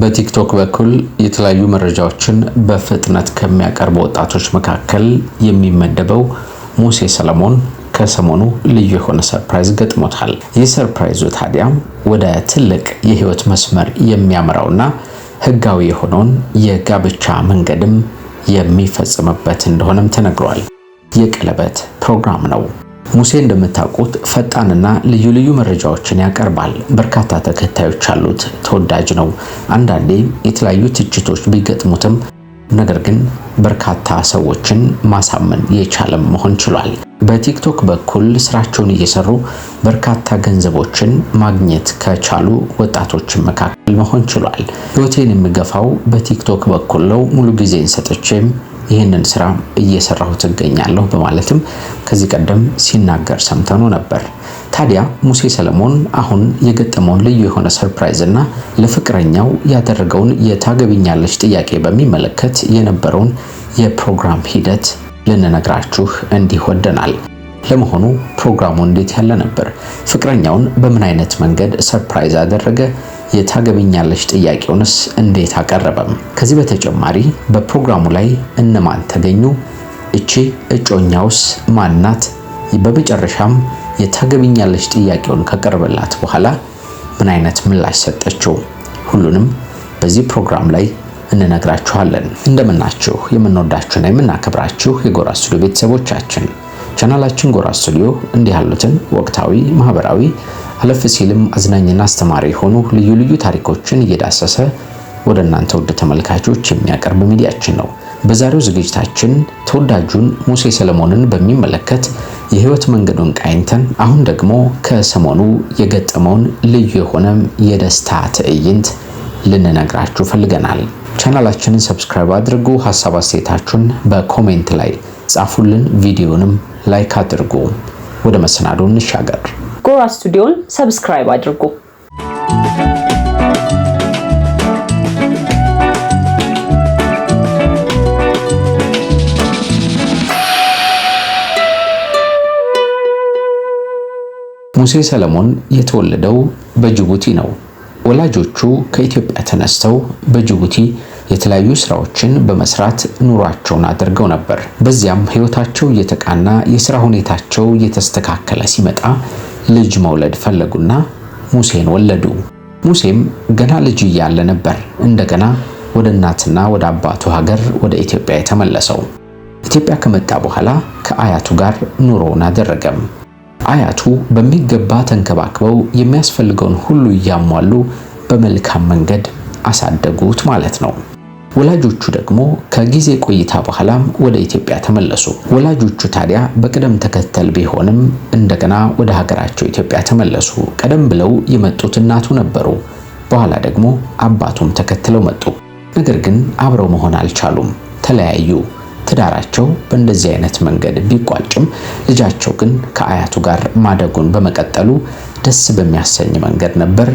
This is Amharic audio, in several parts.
በቲክቶክ በኩል የተለያዩ መረጃዎችን በፍጥነት ከሚያቀርቡ ወጣቶች መካከል የሚመደበው ሙሴ ሰለሞን ከሰሞኑ ልዩ የሆነ ሰርፕራይዝ ገጥሞታል። ይህ ሰርፕራይዙ ታዲያም ወደ ትልቅ የህይወት መስመር የሚያመራውና ህጋዊ የሆነውን የጋብቻ መንገድም የሚፈጽምበት እንደሆነም ተነግሯል። የቀለበት ፕሮግራም ነው። ሙሴ እንደምታውቁት ፈጣንና ልዩ ልዩ መረጃዎችን ያቀርባል። በርካታ ተከታዮች አሉት። ተወዳጅ ነው። አንዳንዴ የተለያዩ ትችቶች ቢገጥሙትም ነገር ግን በርካታ ሰዎችን ማሳመን የቻለም መሆን ችሏል። በቲክቶክ በኩል ስራቸውን እየሰሩ በርካታ ገንዘቦችን ማግኘት ከቻሉ ወጣቶች መካከል መሆን ችሏል። ህይወቴን የምገፋው በቲክቶክ በኩል ነው። ሙሉ ጊዜን ሰጥቼም ይህንን ስራ እየሰራሁት እገኛለሁ በማለትም ከዚህ ቀደም ሲናገር ሰምተኑ ነበር። ታዲያ ሙሴ ሰለሞን አሁን የገጠመውን ልዩ የሆነ ሰርፕራይዝ እና ለፍቅረኛው ያደረገውን የታገቢኛለች ጥያቄ በሚመለከት የነበረውን የፕሮግራም ሂደት ልንነግራችሁ እንዲህ ወደናል። ለመሆኑ ፕሮግራሙ እንዴት ያለ ነበር? ፍቅረኛውን በምን አይነት መንገድ ሰርፕራይዝ አደረገ? የታገቢኛለሽ ጥያቄውንስ እንዴት አቀረበም? ከዚህ በተጨማሪ በፕሮግራሙ ላይ እነማን ተገኙ? እቺ እጮኛውስ ማናት? በመጨረሻም የታገቢኛለሽ ጥያቄውን ከቀረበላት በኋላ ምን አይነት ምላሽ ሰጠችው? ሁሉንም በዚህ ፕሮግራም ላይ እንነግራችኋለን። እንደምናችሁ የምንወዳችሁና የምናከብራችሁ የጎራ ስቱዲዮ ቤተሰቦቻችን ቻናላችን ጎራ ስቱዲዮ እንዲህ ያሉትን ወቅታዊ፣ ማህበራዊ አለፍ ሲልም አዝናኝና አስተማሪ የሆኑ ልዩ ልዩ ታሪኮችን እየዳሰሰ ወደ እናንተ ውድ ተመልካቾች የሚያቀርብ ሚዲያችን ነው። በዛሬው ዝግጅታችን ተወዳጁን ሙሴ ሰለሞንን በሚመለከት የህይወት መንገዱን ቃኝተን አሁን ደግሞ ከሰሞኑ የገጠመውን ልዩ የሆነ የደስታ ትዕይንት ልንነግራችሁ ፈልገናል። ቻናላችንን ሰብስክራይብ አድርጉ። ሀሳብ አስተያየታችሁን በኮሜንት ላይ ጻፉልን። ቪዲዮንም ላይክ አድርጉ። ወደ መሰናዶ እንሻገር። ጎራ ስቱዲዮን ሰብስክራይብ አድርጉ። ሙሴ ሰለሞን የተወለደው በጅቡቲ ነው። ወላጆቹ ከኢትዮጵያ ተነስተው በጅቡቲ የተለያዩ ስራዎችን በመስራት ኑሯቸውን አድርገው ነበር። በዚያም ህይወታቸው እየተቃና የስራ ሁኔታቸው እየተስተካከለ ሲመጣ ልጅ መውለድ ፈለጉና ሙሴን ወለዱ። ሙሴም ገና ልጅ እያለ ነበር እንደገና ወደ እናትና ወደ አባቱ ሀገር ወደ ኢትዮጵያ የተመለሰው። ኢትዮጵያ ከመጣ በኋላ ከአያቱ ጋር ኑሮውን አደረገም። አያቱ በሚገባ ተንከባክበው የሚያስፈልገውን ሁሉ እያሟሉ በመልካም መንገድ አሳደጉት ማለት ነው። ወላጆቹ ደግሞ ከጊዜ ቆይታ በኋላም ወደ ኢትዮጵያ ተመለሱ። ወላጆቹ ታዲያ በቅደም ተከተል ቢሆንም እንደገና ወደ ሀገራቸው ኢትዮጵያ ተመለሱ። ቀደም ብለው የመጡት እናቱ ነበሩ። በኋላ ደግሞ አባቱም ተከትለው መጡ። ነገር ግን አብረው መሆን አልቻሉም፣ ተለያዩ። ትዳራቸው በእንደዚህ አይነት መንገድ ቢቋጭም ልጃቸው ግን ከአያቱ ጋር ማደጉን በመቀጠሉ ደስ በሚያሰኝ መንገድ ነበር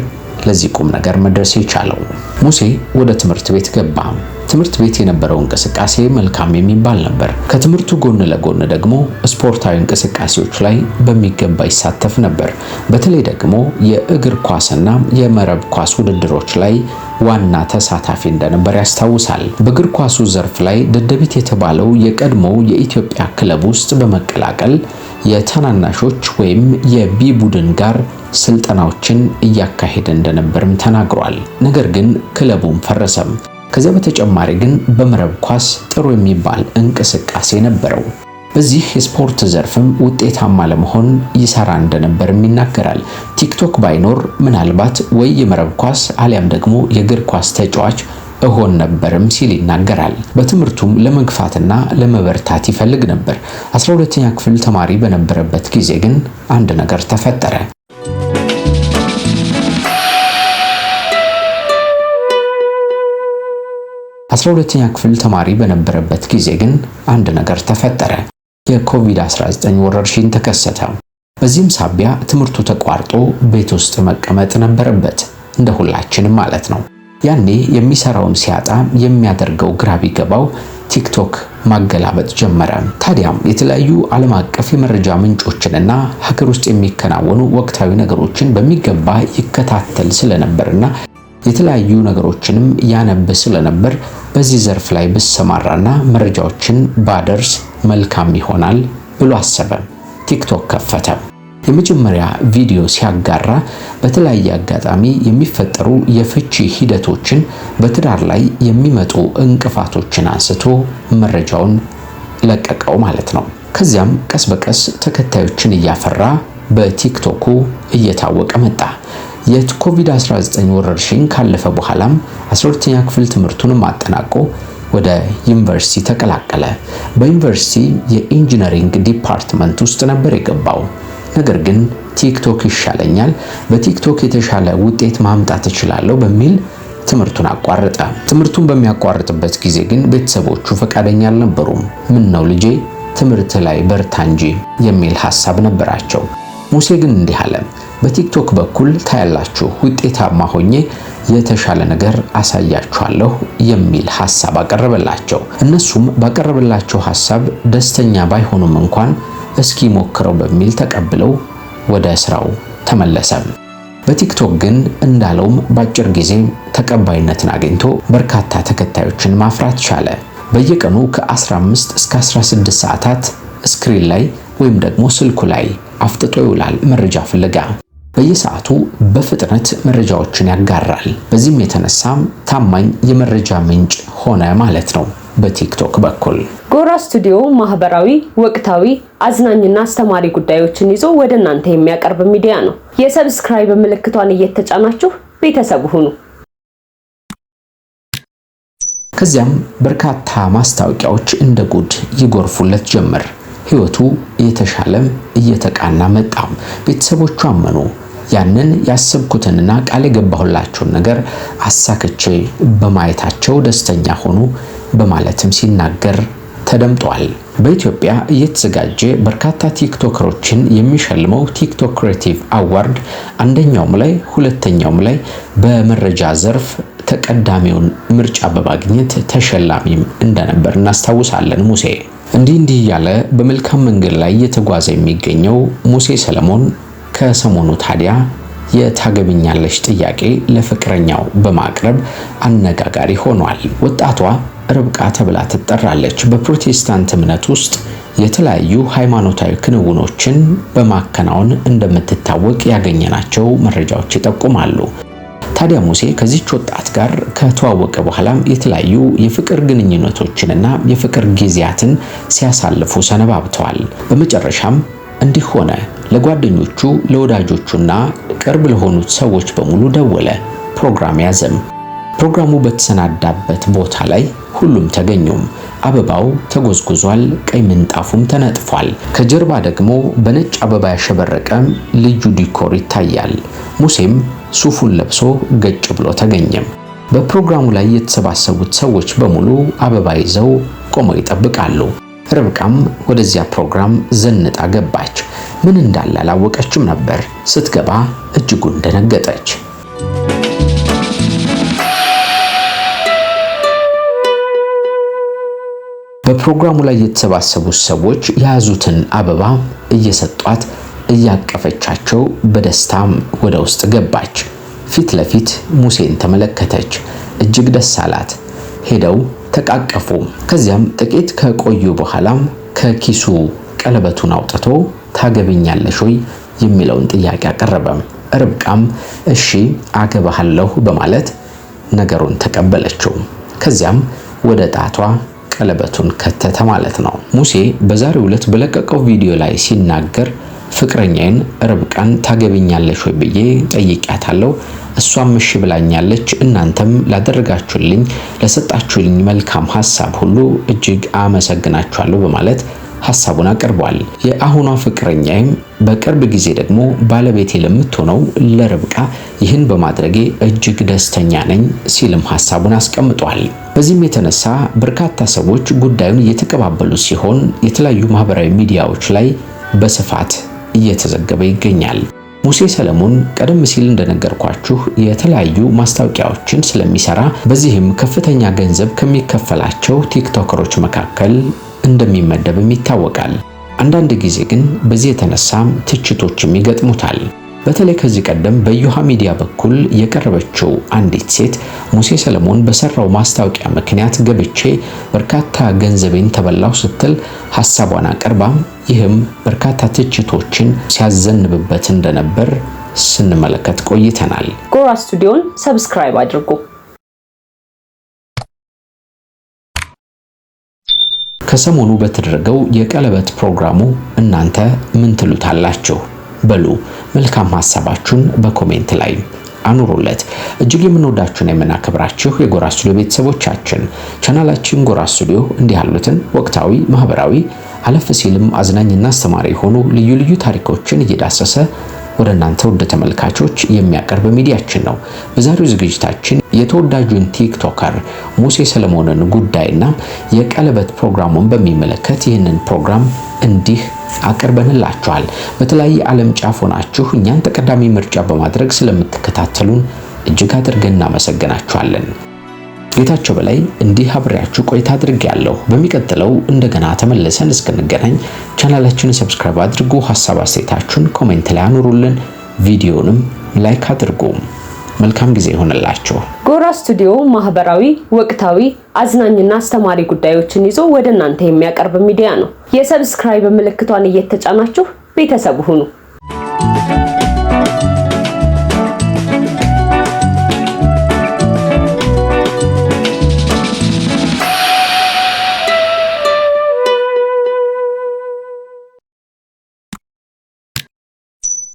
ለዚህ ቁም ነገር መድረስ የቻለው። ሙሴ ወደ ትምህርት ቤት ገባ። ትምህርት ቤት የነበረው እንቅስቃሴ መልካም የሚባል ነበር። ከትምህርቱ ጎን ለጎን ደግሞ ስፖርታዊ እንቅስቃሴዎች ላይ በሚገባ ይሳተፍ ነበር። በተለይ ደግሞ የእግር ኳስና የመረብ ኳስ ውድድሮች ላይ ዋና ተሳታፊ እንደነበር ያስታውሳል። በእግር ኳሱ ዘርፍ ላይ ደደቢት የተባለው የቀድሞው የኢትዮጵያ ክለብ ውስጥ በመቀላቀል የታናናሾች ወይም የቢ ቡድን ጋር ስልጠናዎችን እያካሄደ እንደነበርም ተናግሯል። ነገር ግን ክለቡም ፈረሰም። ከዚያ በተጨማሪ ግን በመረብ ኳስ ጥሩ የሚባል እንቅስቃሴ ነበረው። በዚህ የስፖርት ዘርፍም ውጤታማ ለመሆን ይሰራ እንደነበርም ይናገራል። ቲክቶክ ባይኖር ምናልባት ወይ የመረብ ኳስ አሊያም ደግሞ የእግር ኳስ ተጫዋች እሆን ነበርም ሲል ይናገራል። በትምህርቱም ለመግፋትና ለመበርታት ይፈልግ ነበር። 12ኛ ክፍል ተማሪ በነበረበት ጊዜ ግን አንድ ነገር ተፈጠረ። 12ኛ ክፍል ተማሪ በነበረበት ጊዜ ግን አንድ ነገር ተፈጠረ። የኮቪድ-19 ወረርሽኝ ተከሰተ። በዚህም ሳቢያ ትምህርቱ ተቋርጦ ቤት ውስጥ መቀመጥ ነበረበት፣ እንደ ሁላችንም ማለት ነው። ያኔ የሚሰራውን ሲያጣ የሚያደርገው ግራ ቢገባው ቲክቶክ ማገላበጥ ጀመረ። ታዲያም የተለያዩ ዓለም አቀፍ የመረጃ ምንጮችንና ሀገር ውስጥ የሚከናወኑ ወቅታዊ ነገሮችን በሚገባ ይከታተል ስለነበርና የተለያዩ ነገሮችንም ያነብ ስለነበር በዚህ ዘርፍ ላይ ብሰማራና መረጃዎችን ባደርስ መልካም ይሆናል ብሎ አሰበ። ቲክቶክ ከፈተ። የመጀመሪያ ቪዲዮ ሲያጋራ በተለያየ አጋጣሚ የሚፈጠሩ የፍቺ ሂደቶችን፣ በትዳር ላይ የሚመጡ እንቅፋቶችን አንስቶ መረጃውን ለቀቀው ማለት ነው። ከዚያም ቀስ በቀስ ተከታዮችን እያፈራ በቲክቶኩ እየታወቀ መጣ። የኮቪድ-19 ወረርሽኝ ካለፈ በኋላም 12ኛ ክፍል ትምህርቱንም አጠናቆ ወደ ዩኒቨርሲቲ ተቀላቀለ። በዩኒቨርሲቲ የኢንጂነሪንግ ዲፓርትመንት ውስጥ ነበር የገባው። ነገር ግን ቲክቶክ ይሻለኛል፣ በቲክቶክ የተሻለ ውጤት ማምጣት እችላለሁ በሚል ትምህርቱን አቋረጠ። ትምህርቱን በሚያቋርጥበት ጊዜ ግን ቤተሰቦቹ ፈቃደኛ አልነበሩም። ምን ነው ልጄ ትምህርት ላይ በርታ እንጂ የሚል ሐሳብ ነበራቸው። ሙሴ ግን እንዲህ አለ። በቲክቶክ በኩል ታያላችሁ፣ ውጤታማ ሆኜ የተሻለ ነገር አሳያችኋለሁ የሚል ሀሳብ አቀረበላቸው። እነሱም ባቀረበላቸው ሀሳብ ደስተኛ ባይሆኑም እንኳን እስኪ ሞክረው በሚል ተቀብለው ወደ ስራው ተመለሰ። በቲክቶክ ግን እንዳለውም በአጭር ጊዜ ተቀባይነትን አግኝቶ በርካታ ተከታዮችን ማፍራት ቻለ። በየቀኑ ከ15 እስከ 16 ሰዓታት ስክሪን ላይ ወይም ደግሞ ስልኩ ላይ አፍጥጦ ይውላል መረጃ ፍለጋ። በየሰዓቱ በፍጥነት መረጃዎችን ያጋራል። በዚህም የተነሳም ታማኝ የመረጃ ምንጭ ሆነ ማለት ነው። በቲክቶክ በኩል ጎራ ስቱዲዮ ማህበራዊ፣ ወቅታዊ፣ አዝናኝና አስተማሪ ጉዳዮችን ይዞ ወደ እናንተ የሚያቀርብ ሚዲያ ነው። የሰብስክራይብ ምልክቷን እየተጫናችሁ ቤተሰብ ሁኑ። ከዚያም በርካታ ማስታወቂያዎች እንደ ጉድ ይጎርፉለት ጀመር። ህይወቱ እየተሻለም እየተቃና መጣም። ቤተሰቦቹ አመኑ። ያንን ያሰብኩትንና ቃል የገባሁላችሁን ነገር አሳክቼ በማየታቸው ደስተኛ ሆኑ በማለትም ሲናገር ተደምጧል። በኢትዮጵያ እየተዘጋጀ በርካታ ቲክቶከሮችን የሚሸልመው ቲክቶክ ክሬቲቭ አዋርድ አንደኛውም ላይ ሁለተኛውም ላይ በመረጃ ዘርፍ ተቀዳሚውን ምርጫ በማግኘት ተሸላሚም እንደነበር እናስታውሳለን። ሙሴ እንዲህ እንዲህ እያለ በመልካም መንገድ ላይ እየተጓዘ የሚገኘው ሙሴ ሰለሞን ከሰሞኑ ታዲያ የታገቢኛለሽ ጥያቄ ለፍቅረኛው በማቅረብ አነጋጋሪ ሆኗል። ወጣቷ ርብቃ ተብላ ትጠራለች። በፕሮቴስታንት እምነት ውስጥ የተለያዩ ሃይማኖታዊ ክንውኖችን በማከናወን እንደምትታወቅ ያገኘናቸው መረጃዎች ይጠቁማሉ። ታዲያ ሙሴ ከዚች ወጣት ጋር ከተዋወቀ በኋላም የተለያዩ የፍቅር ግንኙነቶችንና የፍቅር ጊዜያትን ሲያሳልፉ ሰነባብተዋል። በመጨረሻም እንዲህ ሆነ። ለጓደኞቹ ለወዳጆቹና ቅርብ ለሆኑት ሰዎች በሙሉ ደወለ። ፕሮግራም ያዘም። ፕሮግራሙ በተሰናዳበት ቦታ ላይ ሁሉም ተገኙም። አበባው ተጎዝጉዟል፣ ቀይ ምንጣፉም ተነጥፏል። ከጀርባ ደግሞ በነጭ አበባ ያሸበረቀ ልዩ ዲኮር ይታያል። ሙሴም ሱፉን ለብሶ ገጭ ብሎ ተገኘም። በፕሮግራሙ ላይ የተሰባሰቡት ሰዎች በሙሉ አበባ ይዘው ቆመው ይጠብቃሉ። ርብቃም ወደዚያ ፕሮግራም ዘንጣ ገባች። ምን እንዳለ አላወቀችም ነበር። ስትገባ እጅጉን ደነገጠች። በፕሮግራሙ ላይ የተሰባሰቡት ሰዎች የያዙትን አበባ እየሰጧት እያቀፈቻቸው በደስታም ወደ ውስጥ ገባች። ፊት ለፊት ሙሴን ተመለከተች። እጅግ ደስ አላት። ሄደው ተቃቀፉ። ከዚያም ጥቂት ከቆዩ በኋላም ከኪሱ ቀለበቱን አውጥቶ ታገቢኛለሽ ወይ የሚለውን ጥያቄ አቀረበም። ርብቃም እሺ አገባሃለሁ በማለት ነገሩን ተቀበለችው። ከዚያም ወደ ጣቷ ቀለበቱን ከተተ ማለት ነው። ሙሴ በዛሬው ዕለት በለቀቀው ቪዲዮ ላይ ሲናገር ፍቅረኛዬን ርብቃን ታገብኛለች ወይ ብዬ ጠይቂያታለሁ፣ እሷም እሺ ብላኛለች። እናንተም ላደረጋችሁልኝ፣ ለሰጣችሁልኝ መልካም ሀሳብ ሁሉ እጅግ አመሰግናችኋለሁ በማለት ሐሳቡን አቅርቧል። የአሁኗ ፍቅረኛይም በቅርብ ጊዜ ደግሞ ባለቤቴ ለምትሆነው ለርብቃ ይህን በማድረጌ እጅግ ደስተኛ ነኝ ሲልም ሐሳቡን አስቀምጧል። በዚህም የተነሳ በርካታ ሰዎች ጉዳዩን እየተቀባበሉ ሲሆን የተለያዩ ማህበራዊ ሚዲያዎች ላይ በስፋት እየተዘገበ ይገኛል። ሙሴ ሰለሞን ቀደም ሲል እንደነገርኳችሁ የተለያዩ ማስታወቂያዎችን ስለሚሰራ በዚህም ከፍተኛ ገንዘብ ከሚከፈላቸው ቲክቶከሮች መካከል እንደሚመደብም ይታወቃል። አንዳንድ ጊዜ ግን በዚህ የተነሳም ትችቶችም ይገጥሙታል። በተለይ ከዚህ ቀደም በዩሃ ሚዲያ በኩል የቀረበችው አንዲት ሴት ሙሴ ሰለሞን በሰራው ማስታወቂያ ምክንያት ገብቼ በርካታ ገንዘቤን ተበላው ስትል ሐሳቧን አቀርባም። ይህም በርካታ ትችቶችን ሲያዘንብበት እንደነበር ስንመለከት ቆይተናል። ጎራ ስቱዲዮን ሰብስክራይብ አድርጉ። ከሰሞኑ በተደረገው የቀለበት ፕሮግራሙ እናንተ ምን ትሉታላችሁ? በሉ መልካም ሀሳባችሁን በኮሜንት ላይ አኑሩለት። እጅግ የምንወዳችሁን የምናከብራችሁ የጎራ ስቱዲዮ ቤተሰቦቻችን ቻናላችን ጎራ ስቱዲዮ እንዲህ ያሉትን ወቅታዊ፣ ማህበራዊ አለፍ ሲልም አዝናኝና አስተማሪ የሆኑ ልዩ ልዩ ታሪኮችን እየዳሰሰ ወደ እናንተ ውድ ተመልካቾች የሚያቀርብ ሚዲያችን ነው። በዛሬው ዝግጅታችን የተወዳጁን ቲክቶከር ሙሴ ሰለሞንን ጉዳይና የቀለበት ፕሮግራሙን በሚመለከት ይህንን ፕሮግራም እንዲህ አቅርበንላችኋል። በተለያየ ዓለም ጫፍ ሆናችሁ እኛን ተቀዳሚ ምርጫ በማድረግ ስለምትከታተሉን እጅግ አድርገን እናመሰግናችኋለን። ጌታቸው በላይ እንዲህ አብሬያችሁ ቆይታ አድርጌያለሁ። በሚቀጥለው እንደገና ተመልሰን እስክንገናኝ ቻናላችንን ሰብስክራይብ አድርጉ። ሀሳብ አስተያየታችሁን ኮሜንት ላይ አኑሩልን። ቪዲዮንም ላይክ አድርጉ። መልካም ጊዜ ይሆንላችሁ። ጎራ ስቱዲዮ ማህበራዊ፣ ወቅታዊ፣ አዝናኝና አስተማሪ ጉዳዮችን ይዞ ወደ እናንተ የሚያቀርብ ሚዲያ ነው። የሰብስክራይብ ምልክቷን እየተጫናችሁ ቤተሰብ ሁኑ።